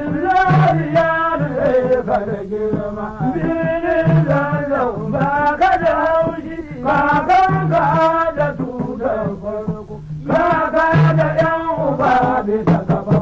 Zariya da zai girma, mini zarzau ba ka da ka kakanka da tutar farko, ba ka da ‘yan uba bisa gaba.